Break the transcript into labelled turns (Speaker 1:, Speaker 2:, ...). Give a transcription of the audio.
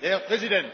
Speaker 1: herr präsident!